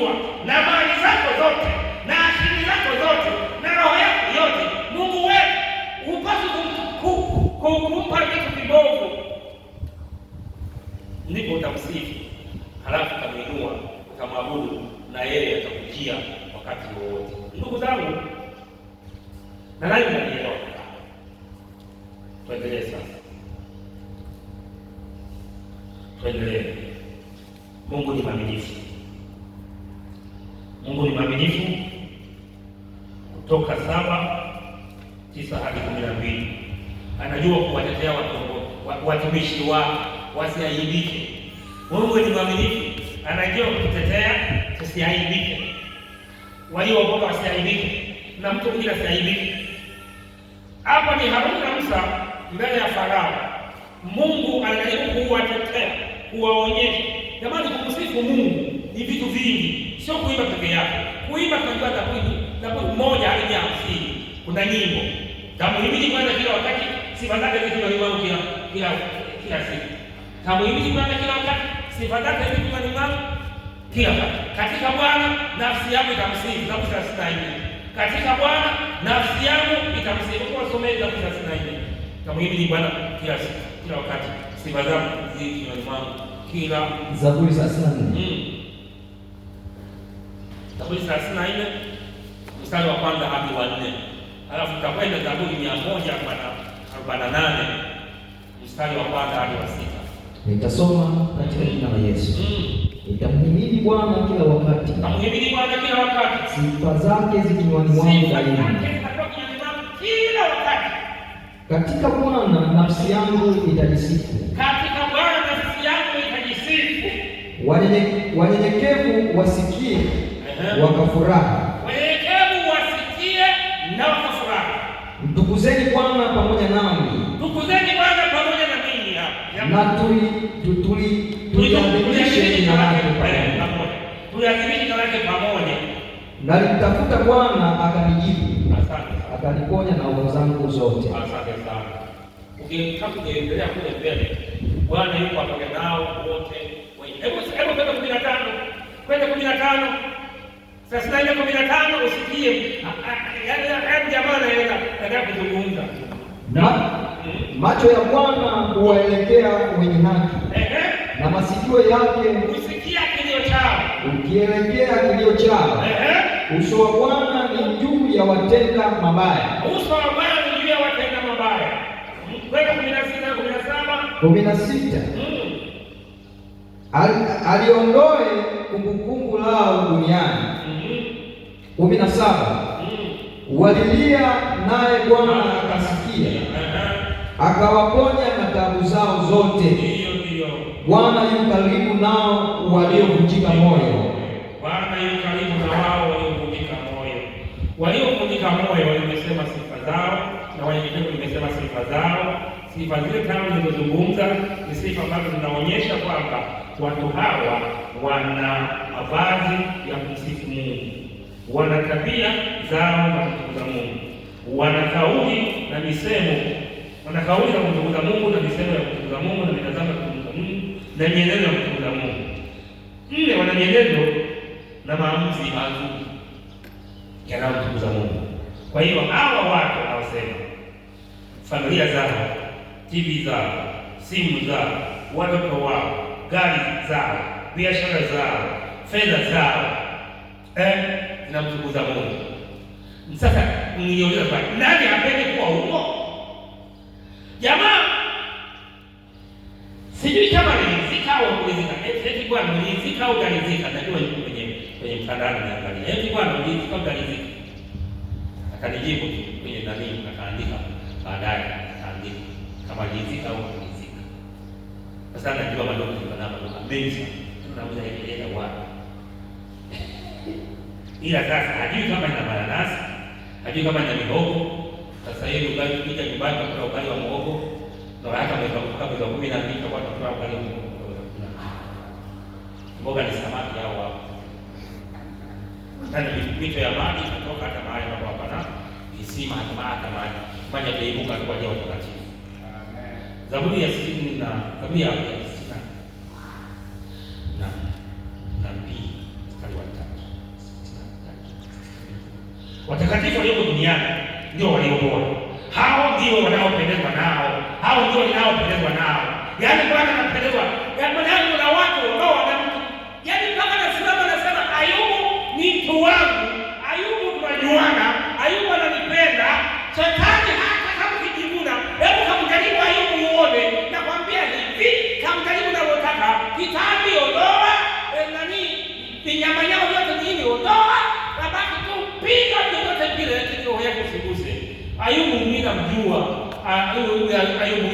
Mungu na mali zako zote na akili zako zote na roho yako yote. Mungu wewe hupaswi kukupa vitu vibovu, ndipo utamsifu, halafu utamuinua, utamwabudu na yeye atakujia wakati wowote. Ndugu zangu, nadhani mnanielewa. Tuendelee sasa, tuendelee. Mungu ni mwaminifu. Mungu ni mwaminifu. Kutoka saba tisa hadi kumi na mbili anajua kuwatetea watumishi wa wasiaibike. Mungu ni mwaminifu, anajua kutetea tusiaibike, waliokoka wasiaibike na mtu mwingine asiaibike. Hapa ni Haruni na Musa mbele ya Farao. Mungu anajaribu kuwatetea, kuwaonyesha. Jamani, kumsifu Mungu ni vitu vingi, sio kuimba peke yake. Kuimba tunajua takwimu takwimu moja hadi ya hamsini, kuna nyimbo tamuhimidi kwanza kila wakati, sifa zake zikiwa kila kila kila siku. Tamuhimidi kwanza kila wakati, sifa zake zikiwa limao kila wakati. Katika Bwana nafsi yangu itamsifu, Zaburi thelathini na nne. Katika Bwana nafsi yangu itamsifu, kwa someni Zaburi thelathini na nne. Tamuhimidi Bwana kila siku, kila wakati, sifa zake zikiwa limao kila Zaburi thelathini na Zaburi 34 mstari wa kwanza hadi wa nne. Alafu tutakwenda Zaburi mstari wa kwanza hadi wa sita. Nitasoma katika jina la Yesu. Mm. Nitamhimidi Bwana kila wakati. Nitamhimidi Bwana kila wakati. Sifa zake zikinywani mwangu daima. Katika Bwana nafsi yangu itajisifu. Katika Bwana nafsi yangu itajisifu. Wanyenyekevu wasikie Eh? wakafurahi, wenyenyekevu wasikie na wakafurahi. Mtukuzeni Bwana pamoja nami, tukuzeni Bwana pamoja na mimi hapa, na tuli tuliadhimishe jina lake pamoja, tuliadhimishe jina lake pamoja. Nalimtafuta Bwana akanijibu, akaniponya na hofu zangu zote. Asante sana. Ukiendelea kule mbele, Bwana yuko pamoja nao wote. Hebu hebu, kumi na tano, kwenda kumi na tano. Thelathini na kumi na tano usikie yaani yaani jamaa anaenda nataka kuzungumza na macho ya Bwana huwaelekea wenye haki na masikio yake husikia kilio chao. Ukielekea kilio chao, uso wa Bwana ni juu ya watenda mabaya, uso wa Bwana ni juu ya watenda mabaya. Kwenda kumi na sita kumi na saba kumi na sita mm. aliondoe kumi na saba mm. walilia naye Bwana ah, akasikia akawaponya taabu zao zote. Bwana yu karibu nao waliovunjika moyo. Bwana yu karibu na wao waliovunjika moyo. Waliovunjika moyo walimesema sifa zao, na wale vitabu sifa zao. Sifa zile tano zilizozungumza ni sifa ambazo zinaonyesha kwamba watu hawa wana mavazi ya kumsifu Mungu wana tabia zao za kumtukuza Mungu, wana kauli na misemo, wana kauli za kumtukuza Mungu na misemo ya kumtukuza Mungu na mitazamo ya kumtukuza Mungu na mienendo ya kumtukuza Mungu. Nne, wana mienendo na maamuzi mazuri yanayomtukuza Mungu. Kwa hiyo hawa watu wanaosema familia zao, TV zao, simu zao, watoto wao, gari zao, biashara zao, fedha zao eh? inamtukuza Mungu. Sasa mniuliza swali, nani hapendi kuwa huko? Jamaa, sijui kama nilizika au kulizika. Eti bwana nilizika au galizika, najua yuko kwenye kwenye mtandao naangalia. Eti bwana nilizika au galizika. Akanijibu kwenye nani, akaandika baadaye, akaandika kama nilizika au kulizika. Sasa najua bado kuna mambo mengi tunaweza kueleza wapi. ila sasa hajui kama ina mananasi, hajui kama ina mihogo. Sasa hivi ugali ukija nyumbani utakula ugali wa mhogo, ndio hata mtakula kwa kumi na mbili utakuwa utakula ugali wa mhogo. Mboga ni samaki hao hapo, tena mito ya maji kutoka hata mahali ambapo hapana kisima, hatimaye hata mahali maji yataibuka kwa ajili ya Amen. Zaburi ya 60 na Zaburi ya duniani ndio waliokoa. Hao ndio wanaopendezwa nao, hao ndio wanaopendezwa nao, yaani Bwana anapendezwa yaani mjua Ayubu ah,